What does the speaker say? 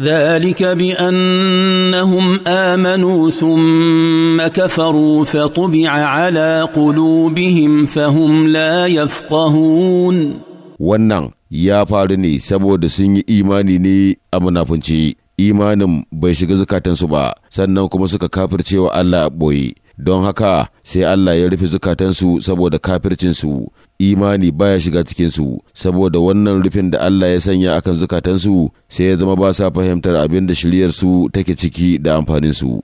ذلك بانهم امنوا ثم كفروا فطبع على قلوبهم فهم لا يفقهون wannan ya faru ne saboda sun yi imani ne a munafunci imanin bai shiga zukatansu ba sannan kuma suka kafircewa Allah a ɓoye don haka sai Allah ya rufe zukatansu saboda kafircinsu imani baya shiga cikinsu saboda wannan rufin da Allah ya sanya akan zukatansu sai ya zama ba sa fahimtar abin da shiryarsu take ciki da amfaninsu